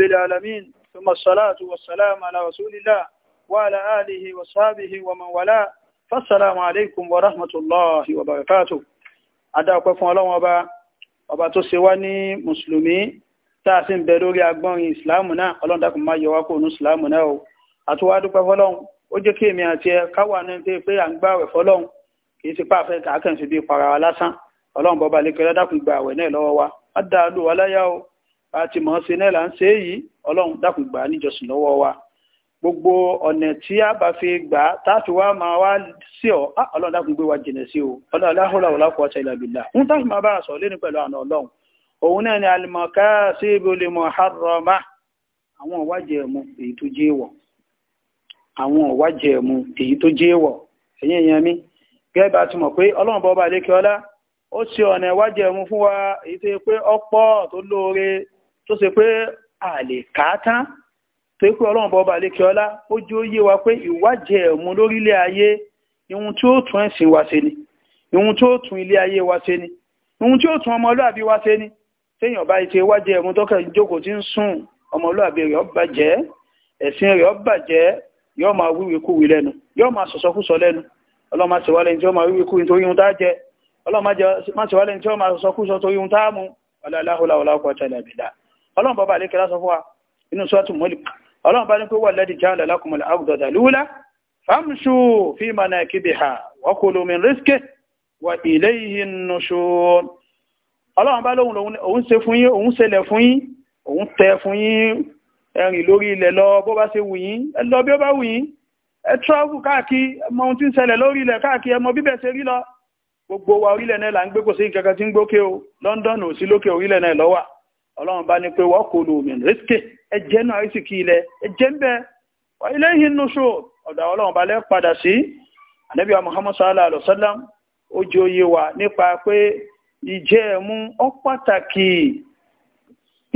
رب العالمين ثم الصلاة والسلام على رسول الله وعلى آله وصحبه ومن والاه فالسلام عليكم ورحمة الله وبركاته adáàpẹ́ fún ọlọ́run ọba ọba tó ṣe wá ní mùsùlùmí táà sí ń bẹ lórí agbọ́nrin ìsìláàmù náà ọlọ́run dákùn máa yọ wá kó nù ìsìláàmù náà o àtúwá dúpẹ́ fọlọ́run ó jẹ́ kí èmi àti ẹ káwà ní pé pé à ń gbààwẹ̀ fọlọ́run kì í ti pàfẹ́ kàákàn sí bí para wa lásán ọlọ́run bọba lè kẹrẹ́ dákùn gbààwẹ̀ náà lọ́wọ́ wa á dáa lù wá láyà o a ti mọ̀ ṣe náà là ń ṣe yìí ọlọ́run dákun gbà níjọsìn lọ́wọ́ wa gbogbo ọ̀nà tí a bá fi gbà á tá a fi wá máa wá sí ọ ọlọ́run dákun gbé wa jìnà sí o ọlọ́run aláhùnlá wọlá kọ́ ọ̀tá ìlàbìlà ń tá máa bára sọ̀rọ̀ lẹ́nu pẹ̀lú àna ọlọ́run òun náà ni alimọ̀ká sí ibùlẹ̀ mọ̀hárọ̀mà àwọn ọ̀wájẹ̀ mu èyí tó jẹ́ wọ̀ àwọn ọ̀wájẹ̀ mu èyí tó jẹ́ wọ̀ ẹ̀yìn ẹ̀yàn mi gẹ́gẹ́ bá ti mọ̀ pé ọlọ́run bọ́ bá ọlá ó ṣe ọ̀nà ìwájẹ̀ mu fún wa èyí tó yẹ pé ọ̀pọ̀ tó lóore tó ṣe pé a lè kà á tán tó pé ọlọ́run bọ́ọ̀bà lékè ọlá ó jẹ́ ó yé wa pé ìwájẹ ẹ̀mú lórílẹ̀ ayé ihun tí ó tún ẹ̀sìn wa ṣe ni ihun tí ó tún ilé ayé wa ṣe ni ihun tí ó tún ọmọlúàbí wa ṣe ni téèyàn bá ṣe wájẹ ẹ̀mú tó kàn jókòó tí ń sùn ọmọlúàbí rẹ̀ ó bàjẹ́ ẹ̀sìn rẹ̀ ó bàjẹ́ yóò máa wíwèkúwì lẹ́nu yóò máa sọ̀sọ́kúsọ lẹ́nu ọlọ́run máa ṣèwálẹ̀ ní tí ó máa wíwèkúwì nítorí ohun tá a jẹ ọlọ́run máa ṣèwálẹ̀ ní tí ó máa sọ̀sọ́kúsọ ọlọ́run bàbá àlékẹ́ lásọ fún wa inú sọ́ọ̀tù Mulk ọlọ́run bá ní pé wà lẹ́dí jáàlẹ̀ lákùnmọ̀lẹ̀ àbùdọ̀dà lúlá fámṣù fi mànà kíbi ha wa kulu min rizqi wa ilayhi nushur ọlọ́run bá lóhun òun ṣe fún yín òun ṣẹlẹ̀ fún yín òun tẹ fún yín ẹrìn lórí ilẹ̀ lọ bó bá ṣe wù yín ẹ gbogbo wa orílẹ̀ náà là ń gbé kò sí kankan tí ń gbókè o London ò sí lókè orílẹ̀ náà lọ́wà ọlọ́run bá ní pé wọ́n kò lò min náà ilẹ̀ ń ilé yìí nù ṣó ọlọ́run bá lẹ́ padà sí ànábì muhammad sallallahu alayhi wa sallam ó jẹ́ oyé wa nípa pé ìjẹ́ ẹ̀mú pàtàkì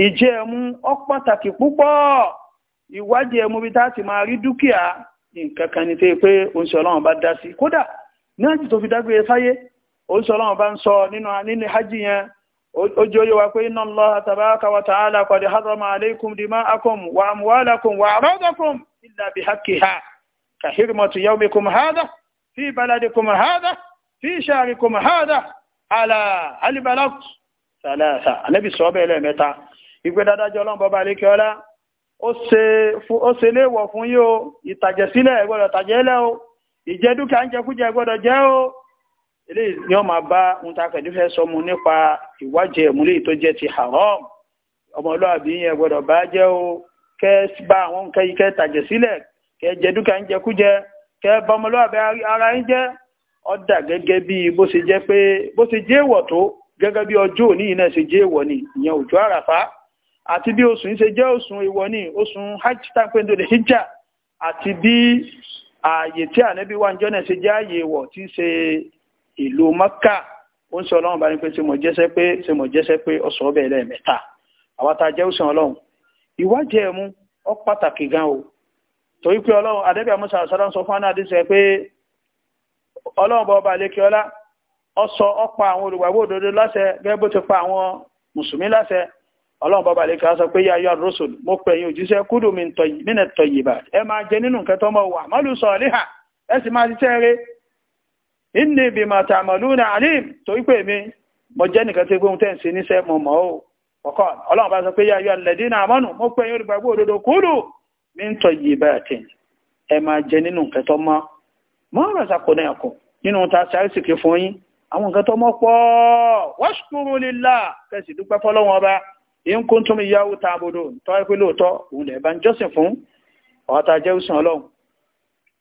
ìjẹ́ ẹ̀mú pàtàkì púpọ̀ ìwádìí ẹ̀mú bí tá a ti máa rí dúkìá nǹkan kan pé oúnjẹ ọlọ́run bá dá hajj yẹn ojú oyé wa pé inna Allaha tabaraka wa ta'ala qad harrama alaykum dima'akum wa amwalakum wa aradakum illa bihaqqiha ka hirmatu yawmikum hadha fi baladikum hadha fi sha'rikum hadha ala hal balagtu sàlẹ́sà ànábì sọ ìgbé dádájọ́ ọlọ́run eléyìí ni wọ́n máa bá ohun tá a kẹ̀jú fẹ́ sọ mu nípa ìwájẹ ti haram ọmọlúwàbí yẹn bá o kẹ́ bá àwọn nǹkan yìí kẹ́ tàjẹ̀ sílẹ̀ kẹ́ jẹ dúkìá ń jẹkújẹ kẹ́ bá ọmọlúwàbí ara ń jẹ́ ọ̀dà gẹ́gẹ́ bí bó ṣe pé bó ṣe tó ni ìyẹn àràfá àti bí oṣù ṣe ni oṣù hajj hijja àti bí ààyè tí wà ń náà ṣe ààyè ìlú Maka, ó ń sọ ọlọ́run bá ní pé ṣe mọ̀ jẹ́sẹ́ pé ọsọ mọ̀ jẹ́sẹ́ pé ọ̀sọ̀ bẹ́ẹ̀ lẹ́ẹ̀mẹ́ta àwa jẹ́ òsàn ọlọ́run ìwádìí ọ pàtàkì gan o torí pé ọlọ́run adébí amúṣà ń sọ fún anáàdí pé ọlọ́run ọba ọlá ọ sọ ọ pa àwọn olùgbàgbọ́ òdodo gẹ́gẹ́ bó ti pa àwọn mùsùlùmí ọlọ́run ọba ọlá sọ pé yá yá inni bima ta'maluna alim torí pé mi mo jẹ́ nìkan tí gbóhun tẹ́ǹsì níṣẹ́ mo mọ̀ ó ọkọ̀ ọlọ́run bá sọ pé yá ya alladina amanu mo pé yóò gbàgbọ́ òdodo kúrò min tayyibatin ẹ máa jẹ nínú nǹkan tó mọ́ mọ́ razaqnakum nínú ta sàrísìkì fún yín àwọn nǹkan tó mọ́ pọ̀ washkuru lillah kẹsì dúpẹ́ fọlọ́wọ́n ọba in kuntum iyyahu ta'budun tọ́ ẹ pé lóòótọ́ òun lẹ̀ bá ń jọ́sìn fún ọ̀tá jẹ́ òsùn ọlọ́run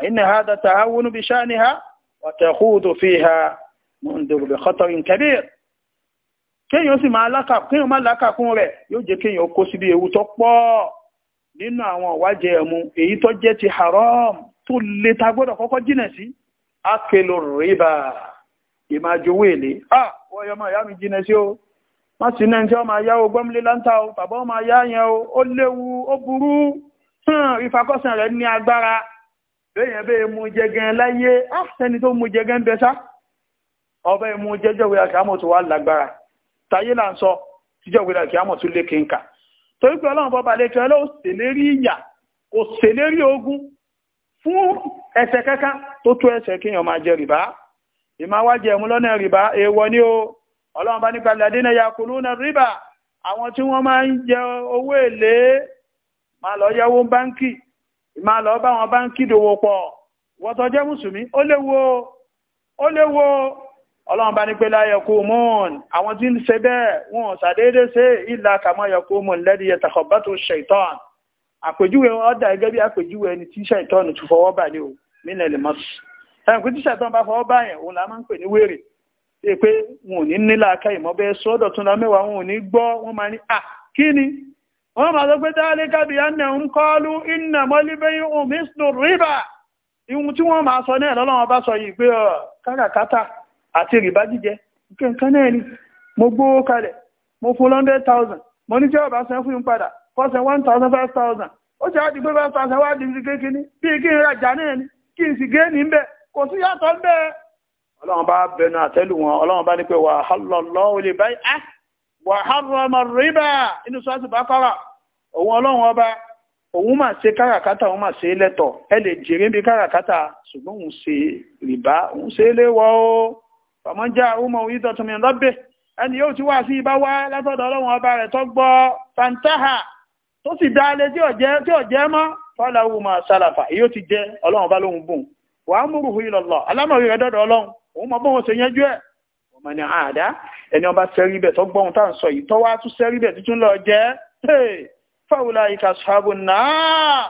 فإن هذا تعاون بشأنها وتخوض فيها منذر بخطر كبير kéèyàn sì máa lákà kéèyàn má lákà kún rẹ̀ yóò jẹ́ kéèyàn kó síbi ewu tó pọ̀ nínú àwọn ìwájẹ ẹmu èyí tó jẹ́ ti haram tó le ta gbọ́dọ̀ kọ́kọ́ jìnà sí akelo rìbá ìmájowó èlé ah wọ́n yọ máa yá mi jìnà sí o má sí náà tí wọ́n máa yá o gbọ́mílé láńtà o bàbá wọn máa yá yẹn o ó léwu ó burú ìfakọ́sàn rẹ̀ ní agbára bẹ́yẹn bẹ́ẹ̀ mú jẹgẹn láyé áfẹ́ni ah, tó mú jẹgẹn bẹ sá ọbẹ̀ mú jẹjọ́wé àkàmọ̀ tó wà lágbára táyé là ń sọ tíjọ́wé àkàmọ̀ tó lé kínkà torí pé ọlọ́run bọ́ba lè kẹ́lẹ́ ó ṣèlérí ìyà kò ṣèlérí ogun fún ẹsẹ̀ kẹ́kẹ́ tó tó ẹsẹ̀ kéèyàn máa jẹ rìbá ìmá wá jẹ mú lọ́nà rìbá èèwọ̀ ni o ọlọ́run bá nípa ìlàdínà yakulu na rìbá àwọn tí wọ́n máa ń jẹ owó èlé máa lọ yáwó báńkì ìmá lọ bá wọn bá ń kídòwò pọ̀ wọ́tọ̀ jẹ́ mùsùlùmí ó léwo ó léwo ọlọ́run bá ní pé láyẹ̀kú mún àwọn tí ń ṣe bẹ́ẹ̀ wọn ṣàdédé ṣe ìlà kàmọ́ yẹ̀kú mún lẹ́dí yẹtàkọ̀bátò ṣẹ̀tọ́n àpèjúwe ọ̀dà gẹ́gẹ́ bí àpèjúwe ẹni tí ṣẹ̀tọ́n ti fọwọ́ bà ní o nílẹ̀ wọ́n máa sọ pé dáríká bí ẹ́nà ń kọlu iná mọ́líbẹ̀ ihun mr riba ihun tí wọ́n máa sọ náà lọ́lọ́wọ́n bá sọ yìí pé káràkátà àti rìbá jíjẹ kẹ́kẹ́ náà ni mo gbówó kalẹ̀ mo fún hundred thousand mo ní tí ọba san fún padà kọ́sẹ̀ one thousand five thousand ó ti àti pé five thousand wá di kékeré ní bí kí n rajà náà ni kí n sì géènì ń bẹ kò sí yàtọ̀ ń bẹ ọlọ́run bá bẹnu àtẹ́lù wọn ọlọ́run bá ní pé wàhálà lọ́wọ́ lè báyìí wàhárọ̀mọ̀ rìbá inú sọ́ọ̀tù bá fara òun ọlọ́run ọba òun mà ṣe káràkátà òun mà ṣe lẹ́tọ̀ ẹ lè jèrè bí káràkátà ṣùgbọ́n òun ṣe rìbá òun ṣe léwọ́ o fàmọ́jà ọmọ òun ìdọ̀ tún mi lọ́bẹ̀ ẹni yóò ti wá sí ibá wá látọ̀dọ̀ ọlọ́run ọba rẹ̀ tó gbọ́ fantaha tó sì dá lé tí ọ̀jẹ́ mọ́ fọ́lá owó máa sálàfà yóò ti jẹ́ ọlọ́run ọba lóhun bùn wàá múrùhù ìlọ̀lọ̀ alámọ̀rí rẹ̀ dọ̀dọ̀ ọlọ́run òun mọ̀ bóun ọmọ ni àdá ẹni ọba sẹ́rí bẹ̀ tó gbọ́n tá à ń sọ yìí tọ́wọ́ á tún sẹ́rí bẹ̀ tuntun lọ jẹ́ fáwọlá ìka sàbò náà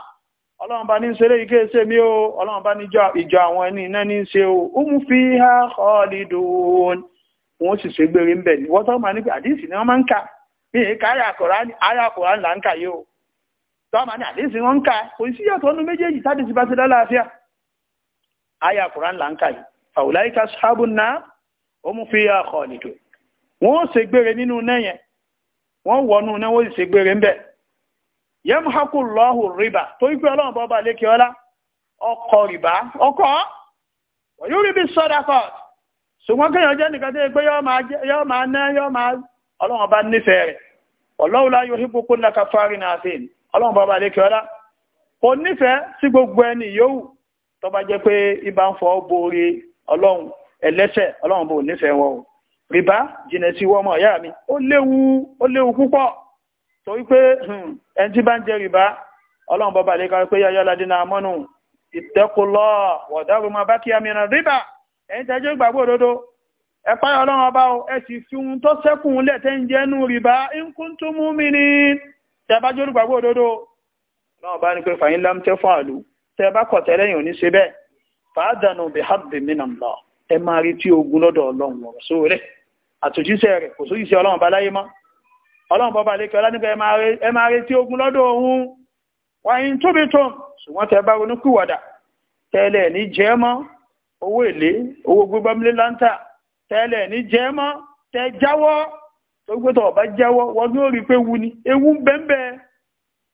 ọlọ́run ní ṣeré ike ṣe mí o ọlọ́run bá níjọ ìjọ àwọn ẹni iná ní ṣe o ó mú fi ha khalidun wọn sì ṣe gbére ń bẹ̀ ní wọ́n tọ́ máa ní pé àdíìsì ni wọ́n máa ń kà bí i ká àyà Kùránì là ń kà yìí o tọ́ máa ní àdíìsì wọ́n ń kà kò sí yàtọ̀ ọdún méjèèjì tá bá ti lálàáfíà àyà Kùránì là ń kà yìí fàwùláyíká sábùn náà ó mú fi àkọ̀ nìtò wọ́n ó ṣe gbére nínú náà yẹn wọ́n wọnú náà wọ́n sì ṣe gbére ń bẹ̀ yamhaku Allahu rìbá torí pé ọlọ́run bọ́ bá lékè ọlá ọkọ̀ rìbá ọkọ̀ wọ́n yóò rí bí sọ́dà fọ́t ṣùgbọ́n kéèyàn jẹ́ nìkan tó yẹ pé yọ́ máa ná yọ́ máa ọlọ́run bá nífẹ̀ẹ́ rẹ̀ Wallahu la yuhibbu kulla kafarin asin ọlọ́run bọ́ bá lékè ọlá kò nífẹ̀ẹ́ sí gbogbo ẹni yòówù tó jẹ́ pé ibà ń fọ́ borí ọlọ́run ẹlẹ́ṣẹ̀ ọlọ́run bò nífẹ̀ẹ́ wọn o rìbá jìnà sí wọ́n mọ̀ ìyá mi ó léwu ó léwu púpọ̀ torí pé hmm, ẹni tí bá ń jẹ rìbá ọlọ́run bọ́ba lè kárí pé yáyá ládínà amọ́nù ìtẹ́kùlọ́ wọ̀dọ́rùn máa bá kí a mìíràn rìbá ẹni tẹ́jọ́ ìgbàgbọ́ òdodo ẹ páyọ̀ ọlọ́run ọba o ẹ sì ẹ máa retí ogun lọ́dọ̀ ọlọ́run ọ̀rọ̀ só rẹ̀ àtòjíṣẹ́ rẹ̀ kò sójíṣẹ́ ọlọ́run bá láyé mọ́ ọlọ́run bọ́ba lékẹ́ ọlánìkẹ́ ẹ máa retí ogun lọ́dọ̀ òun wáyé tó tó ṣùgbọ́n tẹ bá ronú tẹ́lẹ̀ ní jẹ́ mọ́ owó èlé owó gbígbọ́mílé láńtà tẹ́lẹ̀ ní jẹ́ mọ́ tẹ jáwọ́ tó gbé tọ̀ bá jáwọ́ wọ́n ní ó rí pé wu ni ewu ń bẹ́ẹ̀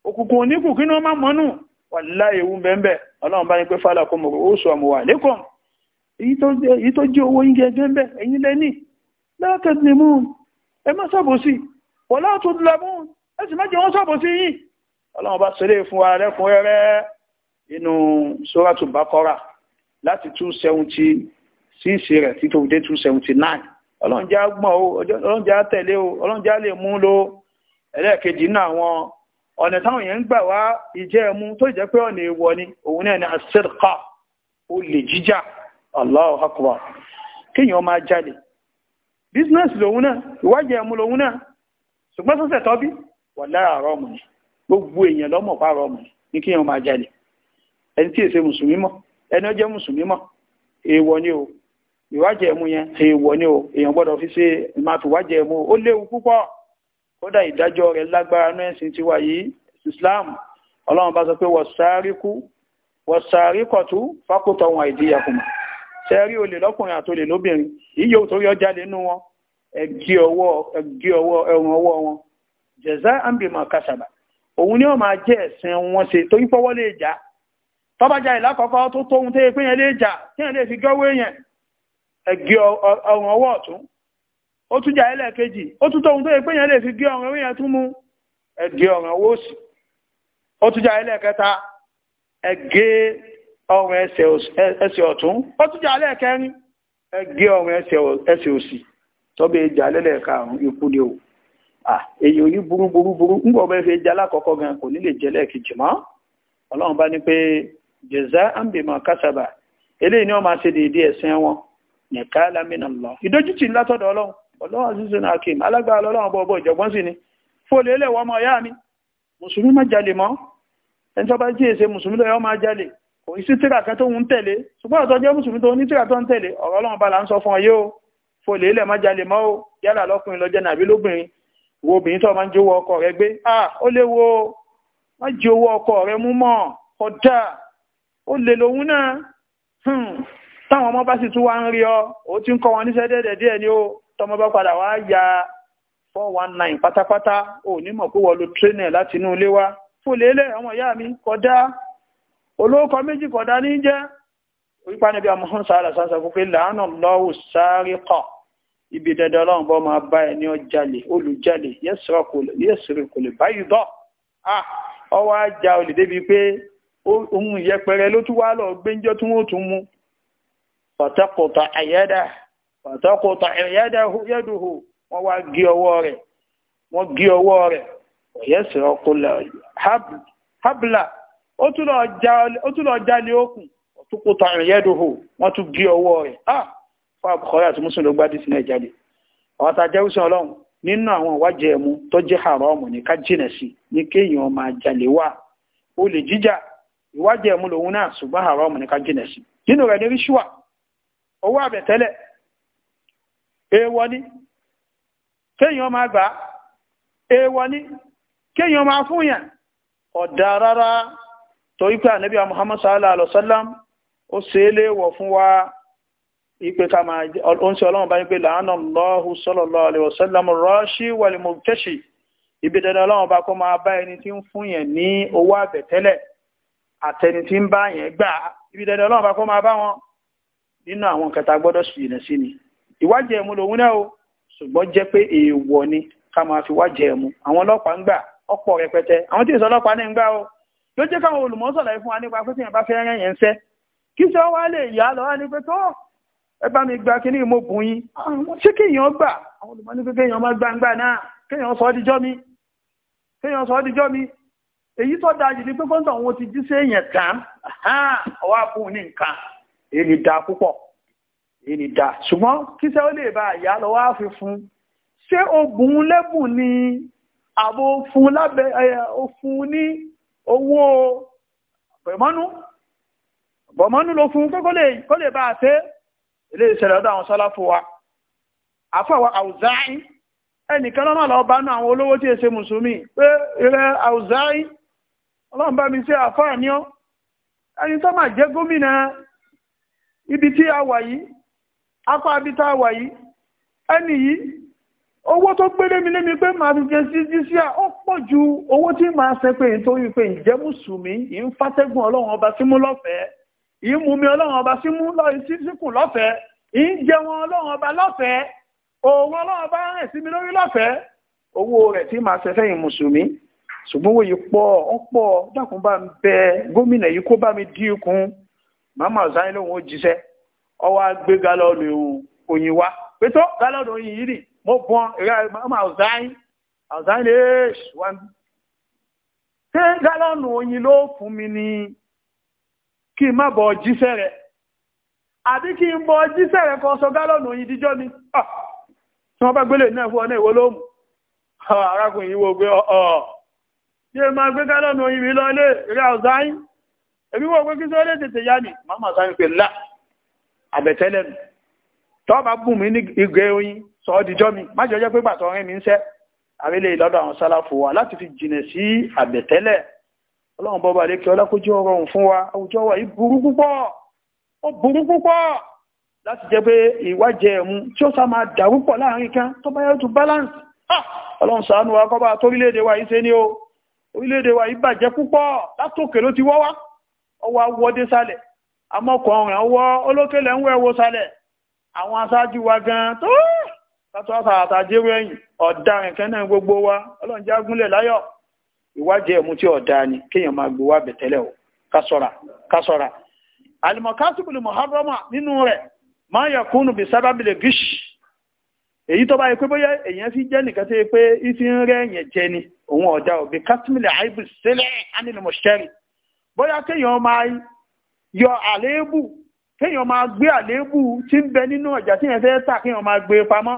òkùnkùn oníkùn ni wọ́n má mọ́nù wà láì ewu ń bẹ́ẹ̀ ọlọ́run bá ní pé fálà kó mọ̀ ó sọ àmùwà lẹ́kọ̀ọ́ èyí tó jẹ́ owó yín gẹ́gẹ́ bẹ́ ẹ̀yin lẹ́ni lẹ́kẹ̀ẹ́ ni mú ẹ má ṣàbòsí wọ́lá tó lọ́mú ẹ sì má jẹ́ wọ́n ṣàbòsí yìí ọlọ́run bá ṣẹlẹ̀ fún wa rẹ́kùn rẹ́rẹ́ inú sóràtù bákọ́rà láti 270 síìsì rẹ̀ títò dé 279 ọlọ́run já gbọ́n o ọlọ́run já tẹ̀lé o ọlọ́run já lè mú lo ẹlẹ́ẹ̀kejì nínú ọ̀nà táwọn yẹn ń gbà wá ìjẹ́ ẹmu tó ìjẹ́ pé ọ̀nà èèwọ̀ ni òun náà ni àṣẹ́dùkà olè jíjà Allahu akbar kéèyàn máa jalè business lòun náà ìwájẹ ẹ̀mú lòun náà ṣùgbọ́n sọ́sẹ̀ tọ́bí wà lára ọ̀rọ̀ ọmọ gbogbo èèyàn lọ́mọ̀ bá ọ̀rọ̀ ọmọ yìí máa jalè ẹni tí èsè mùsùlùmí ẹni ọjẹ́ mùsùlùmí èèwọ̀ ni o ìwájẹ ẹ̀mú yẹn èèwọ̀ ni o èèyàn gbọ́dọ̀ fi ṣe máa fi wájẹ ẹ̀mú ó léwu púpọ̀ kódà ìdájọ́ rẹ̀ lágbára náà ẹ̀sìn ti wà yìí Islam Ọlọ́run bá sọ pé wọ́n sáré kú wọ́n sáré kọ̀tú fákòtọ̀ wọn àìdíyàkùnmọ̀ sẹ́rí olè lọ́kùnrin olè lóbìnrin ìyẹ́ òtórí ọjà lè nú wọn ẹgbẹ́ ọwọ́ ẹ̀rùn ọwọ́ wọn jẹ̀zá àǹbìmọ̀ kàṣàbà òun ni ó máa jẹ́ ẹ̀sìn wọn ṣe torí lè jà tó tóhun tó pé yẹn lè jà tí lè fi èèyàn ẹgbẹ́ ọwọ́ ọ̀tún ó tún jà ẹlẹ́ẹ̀kejì ó tún tóhun tó pé yẹn lè fi èèyàn tún mú ẹgbẹ́ ọwọ́ òsì ó tún jà ẹlẹ́ẹ̀kẹta ẹgbẹ́ ọrùn ẹsẹ̀ ọ̀tún ó tún jà lẹ́ẹ̀kẹrin ẹgbẹ́ ọrùn ẹsẹ̀ òsì tọ́bẹ̀ jà lẹ́lẹ́ẹ̀karùn ikú ni o èyí ò ní burú burú burú ń bọ̀ bẹ́ẹ̀ fi jẹ́ alákọ̀ọ́kọ́ gan kò ní lè jẹ́ lẹ́ẹ̀kejì mọ́ ọlọ́run bá ní pé jẹ̀zá àmbèmọ̀ kásábà eléyìí ni wọ́n máa ṣe dèédé ẹ̀sìn wọn nìka lámìnà lọ ìdójútì látọ̀dọ̀ ọlọ́run ọlọ́run àzízù náà kìm alágbára ni fòlè ilẹ̀ wọ́n mọ̀ ọ̀yá mi mùsùlùmí má jalè mọ́ ẹni tó kò sí tíra kan tó ń tẹ̀lé ṣùgbọ́n ọ̀tọ́ jẹ́ mùsùlùmí tó ní tíra tó ń tẹ̀lé ọ̀rọ̀ ọlọ́run bá la ń sọ fún ọ o folè ilẹ̀ má jalè mọ́ o yálà lọ́kùnrin lọ́jẹ́ nàbí lóbìnrin wo obìnrin tó máa ń jówó ọkọ rẹ gbé à ó lè wo má jí owó ọkọ rẹ mú mọ́ ọ̀dà ó lè lòun náà hmm. táwọn ọmọ bá sì tún wá ń rí ọ ó ti ń kọ́ wọn níṣẹ́ dẹ́dẹ̀ díẹ̀ ni ó tọmọ bá padà wá ya 419 pátápátá ò ní mọ̀ pé wọ́n lo trénẹ̀ láti inú ilé wa folè ilẹ̀ ọmọ ìyá mi kódà olóòkọ méjì kọ̀dá ní jẹ́ orípa níbi àmọ́hún sára ala fún láàánà lọ́wọ́ sáré kọ̀ ibi dẹ̀dẹ̀ ọlọ́run bọ́ bá ẹni ọjàlè olùjàlè yẹ́sìrì kò wọ́n tún ọwọ́ rẹ̀ wọ́n gé ọwọ́ rẹ̀ yẹ́sìrì ó tún lọ já ní òkun ọ̀tún kò tàn rìn wọ́n tún ọwọ́ ah àti mùsùlùmí ló gbádùn sí ẹ̀jáde àwọn tá a ọlọ́run nínú àwọn ìwájẹ ẹ̀mú tó jẹ́ haramu lòun náà ṣùgbọ́n haramu ní ká jìnà sí nínú rẹ̀ ní owó àbẹ̀tẹ́lẹ̀ èèwọ̀ ni kéèyàn máa gbà èèwọ̀ torí pé ànábì Muhammad sallallahu alaihi wasallam ó ṣe é léèwọ̀ fún wa ipe ká máa oúnjẹ ọlọ́run bá ń pè láàánà lọ́hù sallallahu alaihi wasallam rọ́ṣí wàlìmọ̀tẹ́ṣì ibi dandan ọlọ́run bá kọ́ máa bá ẹni tí ń fún yẹn ní owó àbẹ̀tẹ́lẹ̀ àtẹni tí ń bá yẹn gbà ibi dandan ọlọ́run bá kọ́ máa bá wọn nínú àwọn kẹta gbọ́dọ̀ sì ọ̀pọ̀ rẹpẹtẹ àwọn tí ìsọlọ́pàá ní ń gbà o ló jẹ́ káwọn olùmọ́sọ̀lá fún wa nípa pé tí yẹn bá fẹ́ rẹ̀ yẹn ń sẹ́ kí sọ wá lè yá lọ wá ní pé tó ẹ mi gba kíní mo bùn yín ah, ṣé kéèyàn gbà àwọn olùmọ́ ní pé kéèyàn má gbangba náà kéèyàn sọ ọ́ dijọ́ mi kéèyàn sọ ọ́ dijọ́ mi èyí tó dáa jù ní pé kọ́ńtà òun ti jí sí èèyàn tán ọwọ́ àbùn ní nǹkan èyí ni da púpọ̀ èyí ni da. ṣùgbọ́n kí sẹ́ ó lè bá àyà lọ́wọ́ àfi fún ṣé ogun lẹ́bùn ni àbò fún lábẹ́ ẹ̀ òfun ní owó bọ̀mọ́nú bọ̀mọ́nú ló fún pé kó lè bá a ṣe ilé ìṣẹ̀lẹ̀ ọdọ́ àwọn sọ́lá fún wa àfọwọ́ àwùzáì ẹnìkan lọ́nà lọ bá náà àwọn olówó tí èsè mùsùlùmí pé ìrẹ àwùzáì ọlọ́run bá mi ṣe àfáà ní ọ ẹni tó máa jẹ́ gómìnà ibi tí a wà afọ akọ́ awa yi, a yìí owó tó gbélé mi lémi pé màá fi jẹ sí jíṣíà ó pọ̀ ju owó tí màá ṣe pé nítorí pé ìjẹ́ mùsùlùmí ìń fàtẹ́gùn ọlọ́run ọba símú lọ́fẹ̀ẹ́ ìń mumi ọlọ́run ọba símú síkùn lọ́fẹ̀ẹ́ ìń jẹun ọlọ́run ọba lọ́fẹ̀ẹ́ òun ọlọ́run ọba rìn sí mi lórí lọ́fẹ̀ẹ́ owó rẹ̀ tí màá ṣe fẹ́yìn mùsùlùmí ṣùgbọ́n wòye pọ̀ ó pọ̀ dákun bá ń bẹ gómìnà yìí kó bá mi dín ikùn màmá ọ̀sán lóhun ó jíṣẹ́ ọwọ́ agbégalọ́ọ̀lù òyìnwá pé tó galọ́ọ̀lù òyìn yìí nìyí mo bọ́n ẹ̀rẹ́ ọmọ àwùzáyìn àwùzáyìn lè ṣùwọ́n ṣé gálọ́nù oyin ló fún mi ni kí n má bọ̀ jíṣẹ́ rẹ̀ àbí kí n bọ̀ jíṣẹ́ rẹ̀ kan sọ gálọ́nù oyin díjọ́ ni ah, tí wọ́n bá gbélé náà fún ọ náà ìwọ ló mú ah, arákùnrin yìí wo oh, oh. gbé ọ̀ àbẹ̀tẹ́lẹ̀ mi tọ́ bá bùn mí ní igẹ̀ oyin sọ ọ́ dijọ́ mi má jẹ́ pé gbàtọ́ rìn mí ń sẹ́ àrílẹ̀ ìlọ́dọ̀ àwọn sálàfò wa láti fi jìnà sí àbẹ̀tẹ́lẹ̀ ọlọ́run bọ́ba lékè ọlákójú ọrọ̀run fún wa àwùjọ wa yìí burú púpọ̀ ó burú púpọ̀ láti jẹ́ pé ìwájẹ ẹ̀mú tí ó sá máa dàrú pọ̀ láàrin kan tó bá yẹ́ balance ọlọ́run ṣàánú wa kọ́ba torílẹ̀-èdè wa yìí ṣe ni o orílẹ̀-èdè wa yìí bàjẹ́ púpọ̀ látòkè ló ti wọ́ wá ọwọ́ awọ́dé sálẹ̀ amọ́kọ̀ọ́ràn wọ́ olókèlè ń wẹ̀wọ́ sálẹ̀ àwọn aṣáájú wa gan tó látọ́ta àtàjẹ́rú ẹ̀yìn ọ̀dá kan gbogbo wa ọlọ́run gúnlẹ̀ láyọ̀ ẹ̀mú tí ọ̀dá ni kéèyàn máa gbé wá o kásọ̀ra kásọ̀ra alimọ̀kásùbùlù nínú rẹ̀ máa yẹ kúnnù bí sábàbílẹ̀ gíṣì èyí tó bá yẹ pé bóyá èèyàn fi jẹ́ nìkan tó yẹ pé yọ àléébù kéèyàn máa gbé àléébù tí ń nínú ọjà tí yẹn fẹ́ tà gbé pamọ́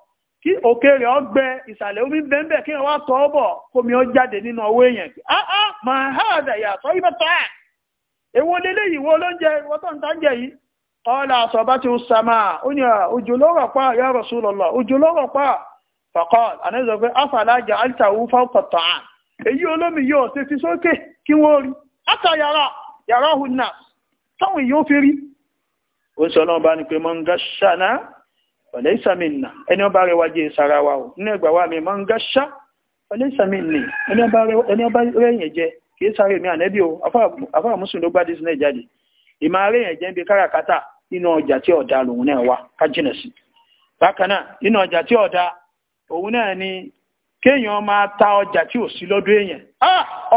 kí òkè rẹ̀ ọgbẹ ìsàlẹ̀ omi bẹ́ẹ̀ kí wọ́n tọ́ bọ̀ kómi ọ jáde nínú ọwọ́ èèyàn áá máa há àdà yàtọ̀ ibẹ̀ tọ́ à èwo lélẹ́ yìí wo lóúnjẹ ìwọ́ tó ń ta jẹ yìí ọ̀la àsọ̀bá ti sàmà ó ní pa ya Rasulullah ojú ló rọ̀ pa fọ̀kọ́ àníṣe pé afàlájà alitawu fọ́kọ̀tọ̀ à èyí olómi yóò ṣe fi sókè kí wọ́n rí àtà yàrá yàrá hùnà táwọn èèyàn fi rí ó sọ náà bá ní pé ọ̀lẹ́ ìsàmìnà ẹni ọba rẹwà jẹ́ ìsara wa ò nínú ẹgbà wa mi mọ́ ń gáṣá ọ̀lẹ́ eni ẹni ọba rẹ̀yìn jẹ́ kì mi ànẹ́bí o afáà mùsùlùmí ló gbá dísìn náà jáde ìmọ̀ jẹ́ níbi káràkátà nínú ọjà tí ọ̀dà lòun náà wà ká sí bákan náà nínú ọjà tí ọ̀dà òun náà ni kéèyàn máa ta ọjà tí ò sí lọ́dún èèyàn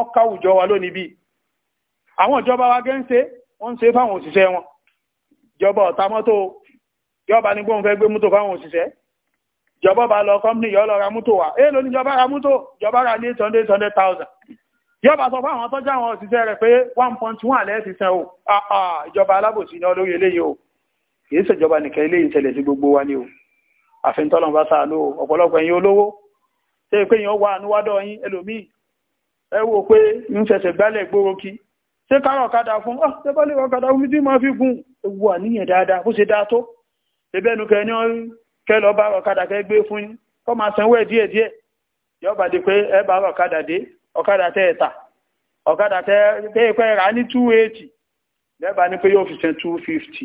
ọkà àwùjọ wa lónìí àwọn yọba ní gbóhùn fẹ́ gbé mọ́tò fáwọn òṣìṣẹ́ jọba bá lọ kọ́mpìnì yọ lọ ra mọ́tò wa èyí ló ní jọba ra mọ́tò jọba ra ní eight thousand yọba sọ fáwọn tọ́jú àwọn òṣìṣẹ́ rẹ̀ pé one point one alẹ́ ti sẹ́ o ah, ah, ìjọba alábòsí ni olórí eléyìí o kì í ṣèjọba nìkan eléyìí ṣẹlẹ̀ sí gbogbo wa ni o àfihàn bá sáà lò ọ̀pọ̀lọpọ̀ ẹ̀yin olówó ṣe pé èèyàn wà níwádọ́ yín ẹlòmíì ẹ wò pé ń ṣẹ̀ṣẹ̀ gbálẹ̀ gbòòrò kí ṣé kárọ̀ kadà fún ọ ah, ṣé bá kadà fún mi tí mo fi gùn ewu àníyàn dáadáa bó ṣe dáa tó ebẹ́nu kẹ ní ọrí kẹ lọ bá ọ̀kadà kẹ gbé fún yín kọ́ máa sanwó ẹ̀ díẹ̀ díẹ̀ yọba di pé ẹ bá ọ̀kadà dé ọ̀kadà tẹ́ ẹ̀ tà ọ̀kadà tẹ́ ẹ pẹ́ rà ní two lẹ́bàá ní pé yóò fi sẹ́n two fifty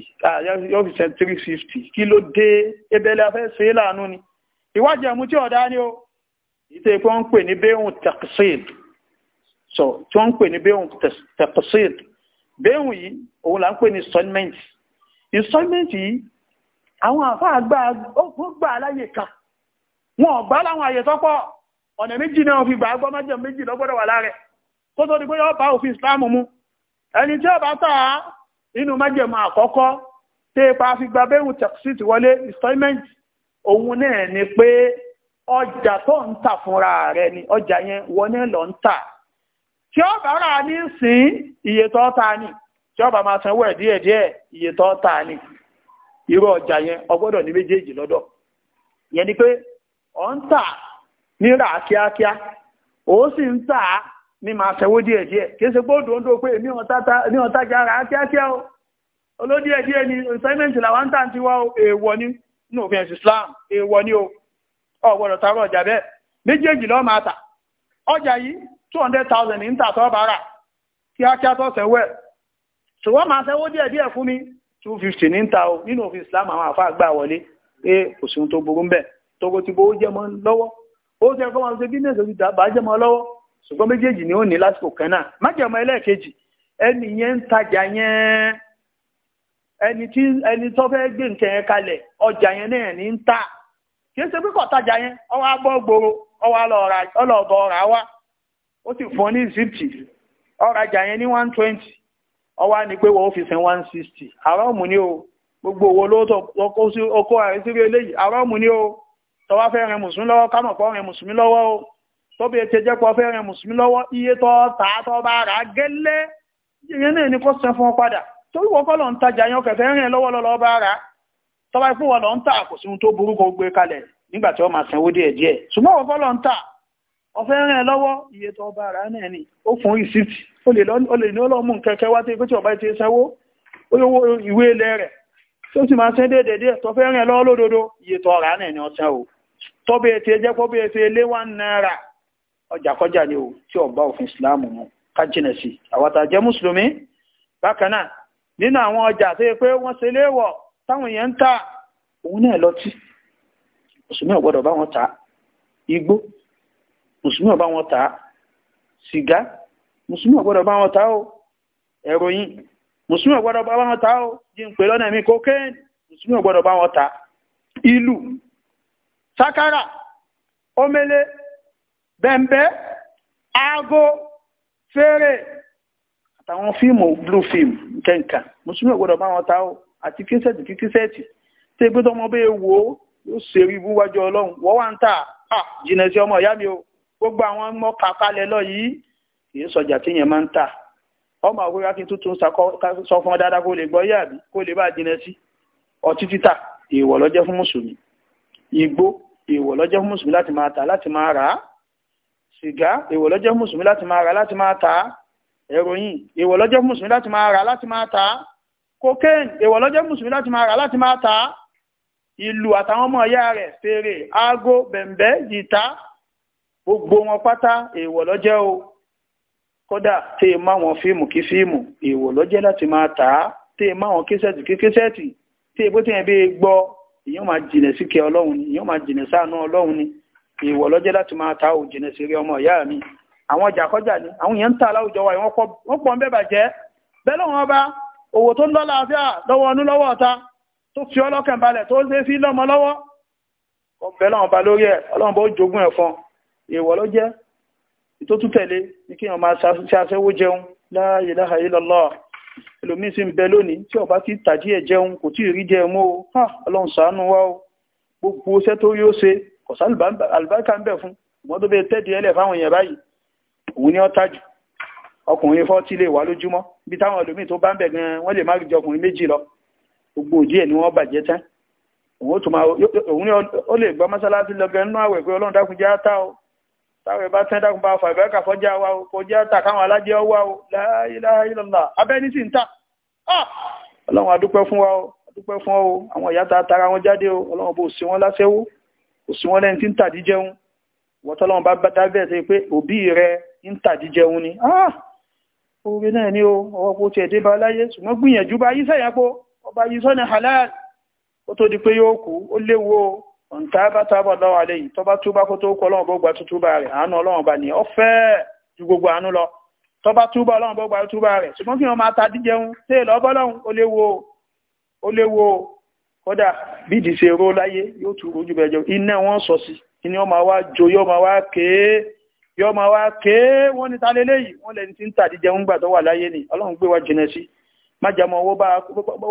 yóò fi sẹ́n three fifty kí ló dé ebele afẹ́ ṣe é láàánú ni ìwádìí ẹ̀mú tí ọ̀dá ni o ìtẹ́ ìpé wọ́n pè ní béhùn tẹ̀kṣìl so tí wọ́n ń pè ní béhùn tẹ̀kṣìl béhùn yìí òun là ń pè ní installment installment yìí àwọn àfáà gbà alaye kan wọn ọ̀gbá láwọn àyè tọ́pọ̀ ọ̀nà méjì náà fi gbà gbọ́ méjì lọ́gbọ́dọ̀ wà tó tó di pé òfin Islam mú ẹni tí ó bá nínú májẹ̀mú àkọ́kọ́ tí ipa fi gba wọlé installment òun náà ni pé ọjà tó ń tà fúnra ni ọjà yẹn lọ ń tà tí irú ọjà yẹn ọgbọ́dọ̀ ní méjèèjì lọ́dọ̀ yẹn ni pé ọ ń tà nírà kíákíá ó sì ń tà ní máa sanwó díẹ̀ díẹ̀ kì pé ó dùn dùn pé èmi ara o olódíẹ̀ díẹ̀ ni assignment làwọn ń tà ti o ni òfin ẹ̀sìn Islam èèwọ̀ ni o ọgbọ́dọ̀ ọjà bẹ́ẹ̀ méjèèjì lọ́ọ́ máa tà ọjà two hundred thousand ń tà tọ́ bàárà kíákíá ṣùgbọ́n máa díẹ̀ díẹ̀ two fifty ní ta o nínú òfin Islam àwọn àfa àgbà wọlé pé kò sí ohun tó burú togo ti bó jẹ mọ́ lọwọ ó jẹ kó máa ṣe bísíǹsì ojú tàbá jẹ mọ́ lọ́wọ́ méjèèjì ni ó ní lásìkò kan náà májèmọ ẹlẹ́ẹ̀kejì ẹni yẹn ń tajà yẹn ẹni tí ẹni tó gbé nǹkan yẹn ọjà yẹn náà ní one twenty ọwá ni pé wọ́n fi sin 160. sixty àrọ́ọ̀mù ni o gbogbo owó lóòótọ́ ọkọ ààrẹ sírí eléyìí àrọ́ọ̀mù ni o tọ́wá fẹ́ rìn mùsùlùmí lọ́wọ́ kámọ̀ pọ̀ rìn mùsùlùmí lọ́wọ́ o tóbi ètè jẹ́ pọ̀ fẹ́ rìn mùsùlùmí lọ́wọ́ iye tọ́ ta tọ́ bá rà á gẹ́lẹ́ ìyẹn ni kò sẹ́ fún ọ padà torí wọ́n kọ́ lọ ń tajà yan kẹfẹ́ rìn lọ́wọ́ lọ́wọ́ bá rà á tọ́wá fún wọn lọ ń tà kò sí ohun tó burú kó gbé ọ̀fẹ́ rẹ̀ lọ́wọ́ iye tó ọba ara náà ni ó fún receipt o lè ní ọlọ́mù kẹ̀kẹ́ wá tí ọba ti sanwó ó yóò ìwé ilẹ̀ rẹ̀ tí ó sì máa sẹ́ lọ́wọ́ lódodo iye tó ọ̀rá náà ni o ti lé wá náírà ọjà kọjá ni o tí ọba òfin Islam mú ká jìnà sí jẹ́ mùsùlùmí bákan igbo mùsùlùmí ọba wọn tàá siga, mùsùlùmí ọgbọdọ bá wọn tàá o ẹ̀ròyìn mùsùlùmí ọgbọdọ bá wọn tàá o jíǹpẹ̀ lọ́nà mi bá wọn ilu, sakara, omele bẹ̀m̀bẹ̀ aago fèrè àtàwọn fíìmù blue film bá wọn o àti bẹ́ẹ̀ wò ó ṣe rí ibú wájú ọlọ́run wọ́n wá ọmọ ìyá gbogbo àwọn ọmọ kàkálẹ̀ lọ yìí kì í sọjà tí yẹn máa ń tà ọmọ àwọn akín tuntun sọ fún ọ dáadáa kó lè gbọ́ yé àbí kó lè bá jinlẹ̀ sí ọtí títà èèwọ̀ ló jẹ́ fún mùsùlùmí igbó èèwọ̀ ló jẹ́ fún mùsùlùmí láti máa tà láti máa rà á sìgá èèwọ̀ ló jẹ́ fún mùsùlùmí láti máa rà láti máa tà á ẹ̀ròyìn èèwọ̀ ló fún mùsùlùmí láti máa rà láti máa tà á cocaine èèwọ̀ ló fún mùsùlùmí láti máa rà láti máa tà á ìlú àtàwọn ọmọ ìyá rẹ̀ fèrè aago bẹ̀m̀bẹ́ jìtá gbogbo wọn pátá èèwọ̀ lọ́jẹ́ o kódà tí ì má wọn fíìmù kí fíìmù èèwọ̀ lọ́jẹ́ láti máa tà á tí ì má wọn kíṣẹ́ẹ̀tì kí kíṣẹ́ẹ̀tì tí èbó tí yẹn bí gbọ́ èèyàn máa jìnà sí kẹ ọlọ́run ni èèyàn máa jìnà sáànú ọlọ́run ni èèwọ̀ lọ́jẹ́ láti máa tà ó jìnà sí rí ọmọ ìyá mi àwọn ọjà kọjá ni àwọn èèyàn ń tà láwùjọ wa wọ́n pọ̀ ń bẹ́ bàjẹ́ bẹ́ẹ̀ lọ́wọ́n ọba òwò tó ń lọ́la àfíà lọ́wọ́ ọnú lọ́wọ́ ọ̀ta tó fi ọlọ́kàn balẹ̀ tó ṣe fi lọ́mọ lọ́wọ́ ọbẹ̀ lọ́wọ́n ba lórí ẹ̀ ọlọ́run bó jogún ẹ̀ fún èèwọ̀ ló jẹ́ tó tún tẹ̀lé ní kí wọ́n máa ṣe jẹun la ilaha illallah ẹlòmíín sì ń bẹ lónìí tí ọba ti tàjí ẹ̀ jẹun kò tí rí jẹun mọ́ ha ọlọ́run ṣàánú wa o gbogbo iṣẹ́ tó yóò ṣe ọ̀sán àlùbáríkà ń bẹ fún wọ́n tó bẹ tẹ́ẹ̀dì ẹlẹ̀ fáwọn èèyàn báyìí òun ni ó tàjù ọkùnrin fọ́tí lè wà lójúmọ́ bí táwọn ẹlòmíín tó bá ń bẹ gan gbọ́ mọ́sálásí lọ nínú àwẹ̀ pé ọlọ́run dákun jẹ́ á tá táwọn bá tẹ́ dákun bá fà ìbẹ́ka fọ́já wa o kò jẹ́ ta káwọn aládé ọwá o la ilaha illallah abẹ́ni sì ń ta ah! ọlọ́run adúpẹ́ fún wa o adúpẹ́ fún ọ o àwọn ìyá ta tara wọn jáde o ọlọ́run bó sí wọn láṣẹ́wó kò sí wọn lẹ́ni tí ń tàdí jẹun wọ́tọ́lọ́run bá dábẹ́ sí pé òbí rẹ ń tàdí jẹun ni ah! oore náà ni o ọwọ́ kó tiẹ̀ dé bá láyé ṣùgbọ́n gbìyànjú bá yí sẹ́yìn po ọba yí sọ́nà halal ó tó di pé yóò kú ó léwu o ntaba tábọ̀ lọ́wọ́ alẹ́ yìí tọ́ba túbá kó tó kọ́ ọlọ́run bó gba túbá rẹ̀ àánú ọlọ́run bá ní ọ̀fẹ́ ju gbogbo àánú lọ tọ́ba túbá ọlọ́run bó gba túbá rẹ̀ ṣùgbọ́n kí wọ́n máa ta díjẹun tẹ́ ẹ lọ́bọ́ lọ́hùn ó léwu ó léwu kódà bí ìdìṣe ro láyé yóò tún rojú bẹ́ẹ̀ jẹun iná wọn sọ sí ni wọ́n máa wá jo yóò máa wá kéé yóò máa wá kéé wọ́n ní ta lélẹ́yìí wọ́n lẹ́ni tí ń ta díjẹun gbà tó wà láyé ni ọlọ́run gbé wa jìnà sí májàmọ owó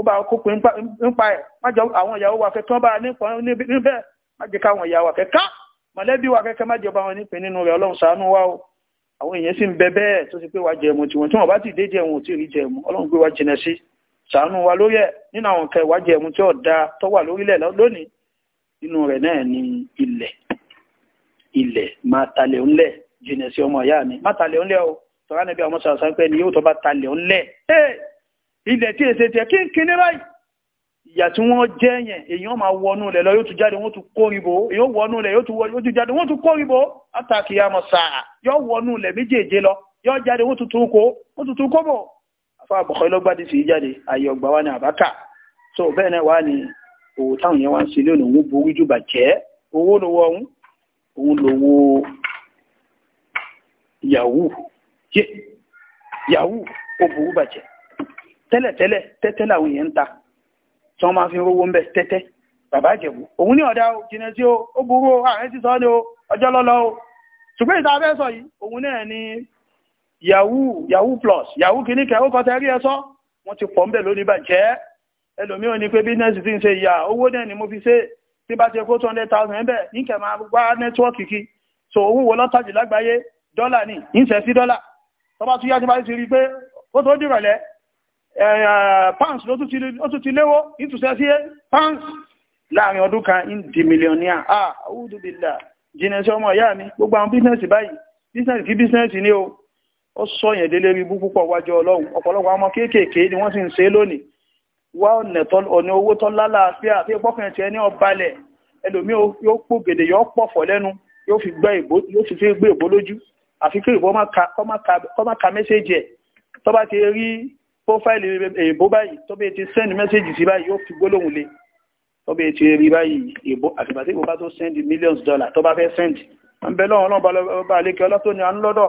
bá kópin nípa ẹ májà àwọn ìyàwó wa kẹkẹ wọn bá nípọn níbẹ̀ májè káwọn ìyàwó wa kẹkẹ mọ̀lẹ́bí wa kẹkẹ májè bá wọn nípìn nínú rẹ̀ Ọlọ́run ṣàánú wa o àwọn èèyàn sì ń bẹ bẹ́ẹ̀ tó ti pé wàá jẹmu tiwọn tí wọn bá ti dé jẹmu tí gbé wa jìnà sí ṣàánú wa lórí ẹ nínú àwọn tí ọdá tó wà lónìí náà ni talẹ̀ ńlẹ̀ jìnà ilẹ̀ tí èsè tẹ̀ kí n kí ní báyìí ìyà tí wọ́n jẹ́ yẹn èyàn máa wọnú lẹ̀ lọ yóò tún jáde wọ́n tún kórìbò èyàn wọnú lẹ̀ yóò tún jáde wọ́n tún kórìbò látàkì àmọ̀ sàá yóò wọnú lẹ̀ méjèèjé lọ yóò jáde wọ́n tún tún kó wọ́n tún tún kóbò afọ àbùkọ́ ilọ́gbàdì sì jáde ayé ọgbà wa ní àbákà so bẹ́ẹ̀ náà wà ní owó táwọn yẹn wá ń ṣe lónìí òun borí jù bàjẹ́ owó lówó ọ̀hún òun lówó yahoo yahoo ó burú bàjẹ́ tẹ́lẹ̀tẹ́lẹ̀ tẹ́tẹ́ làwọn èèyàn ń ta tí wọ́n máa fi rówó ń bẹ̀ tẹ́tẹ́ bàbá ìjẹ̀bú òun ní ọ̀dá o jìnà sí o ó burú o ààrẹ ti sọ ni o ọjọ́ lọ́lọ́ o ṣùgbọ́n ìta abẹ́ sọ yìí òun náà ni yahoo yahoo plus yahoo kìíní kẹ ó kọta rí ẹsọ wọn ti pọ̀ ń bẹ̀ lónìí bàjẹ́ ẹlòmíì ò ní pé bísínẹ́sì ti ń ṣe ìyá owó náà ni mo fi ṣe tí bá ṣe kó two hundred thousand ẹ̀bẹ̀ ní kẹ̀ máa gbá nẹ́tíwọ́ọ̀kì kí so owó wo lọ́tàjì lágbàáyé dọ́là ni ìṣẹ́ sí dọ́là tọ́ba tún yá ti bá ti rí pé ó tó dìrọ̀lẹ́ Eh, eh, pounds ló tún ti léwó ìtùsẹ́ sí pounds láàrin ọdún kan in di millionaire ah ọdúnbìlà jìnà sí ọmọ ìyá mi gbogbo àwọn bísínẹ̀sì báyìí bísínẹ̀sì kí bísínẹ̀sì ní o ó sọ yẹn délé rí bú púpọ̀ wájú ọlọ́run ọ̀pọ̀lọpọ̀ àwọn kéékèèké ni wọ́n sì ń ṣe lónìí wá ọ̀nà owó tán lálàáfíà tí pọ́kùnrin tiẹ̀ ní ọbalẹ̀ ẹlòmí yóò pò gèdè yóò pọ̀fọ̀ lẹ́nu yóò fi gbé ìbò lójú àfi kí ìbò kọ́ má ka mẹ́sẹ̀jì ẹ̀ tó bá ti rí prófáìlì èèbó báyìí tó bẹ́ẹ̀ ti sẹ́ndì mẹ́sẹ̀jì sí báyìí yóò fi gbólóhùn le tó bẹ́ẹ̀ ti rí báyìí èèbó àfìgbà tí ìbòbá tó sẹ́ndì millions dollar tó bá fẹ́ sẹ́ndì ń bẹ lọ́wọ́ náà bá lékè ọlọ́tọ́ ni à ń lọ́dọ̀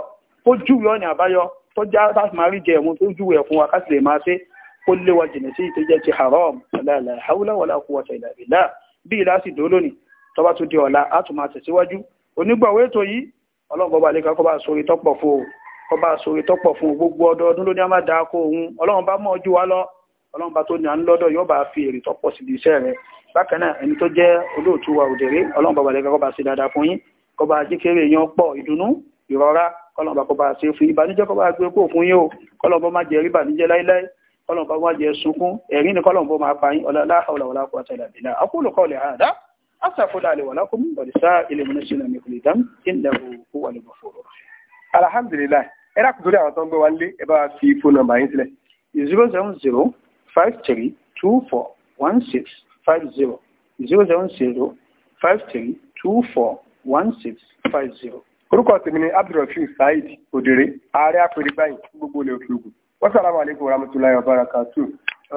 ó júwe ọ̀nà àbáyọ tó já láti máa rí jẹ ẹ̀wọ̀n tó júwe ẹ̀fún wa káṣí lè máa ṣe ó léwa jìnà sí ìtẹ́jẹ́ ti haram la hawla wala quwwata illa billah bí ilá sì dó lónìí tó bá tún di ọ̀la á tún máa tẹ̀síwájú onígbàwé ètò yìí ọlọ́run bọ́ba lékè kó bá sórí tọ́pọ̀ fún o kọba àsòrí tọ́pọ̀ fún gbogbo ọdọọdún ló ní àmà dáa kó òun ọlọ́run bá mọ̀ ojú wa lọ ọlọ́run bá tó ní à ń lọ́dọ̀ yóò bá fi èrè tọ́pọ̀ síbi iṣẹ́ rẹ̀ bákan náà ẹni tó jẹ́ olóòtú wa òdèrè ọlọ́run bá balẹ̀ kọba sí dáadáa fún yín kọba àjíkéré yan pọ̀ ìdùnnú ìrọ̀rá kọlọ́run bá kọba àṣẹ fún ìbànújẹ́ kọba àgbé kó fún yín o kọlọ́run bá má jẹ rí ìbànújẹ́ láíláí kọlọ́run bá má jẹ sunkún ẹ̀rín ni kọlọ́run bá máa pa yín ọlọ́lá hawla wala ẹ dákun torí àwọn tó ń gbé wa ń lé ẹ bá fi fóònù nọ́mbà yín sílẹ̀ zero seven zero five three two four one six five zero zero seven zero five three two four one six five zero. orúkọ tèmi ni abdulrasheed saheed òdèrè ààrẹ àpèrè báyìí gbogbo ilẹ̀ òkè ògùn wasalaamualeykum warahmatulahi wabarakatuh.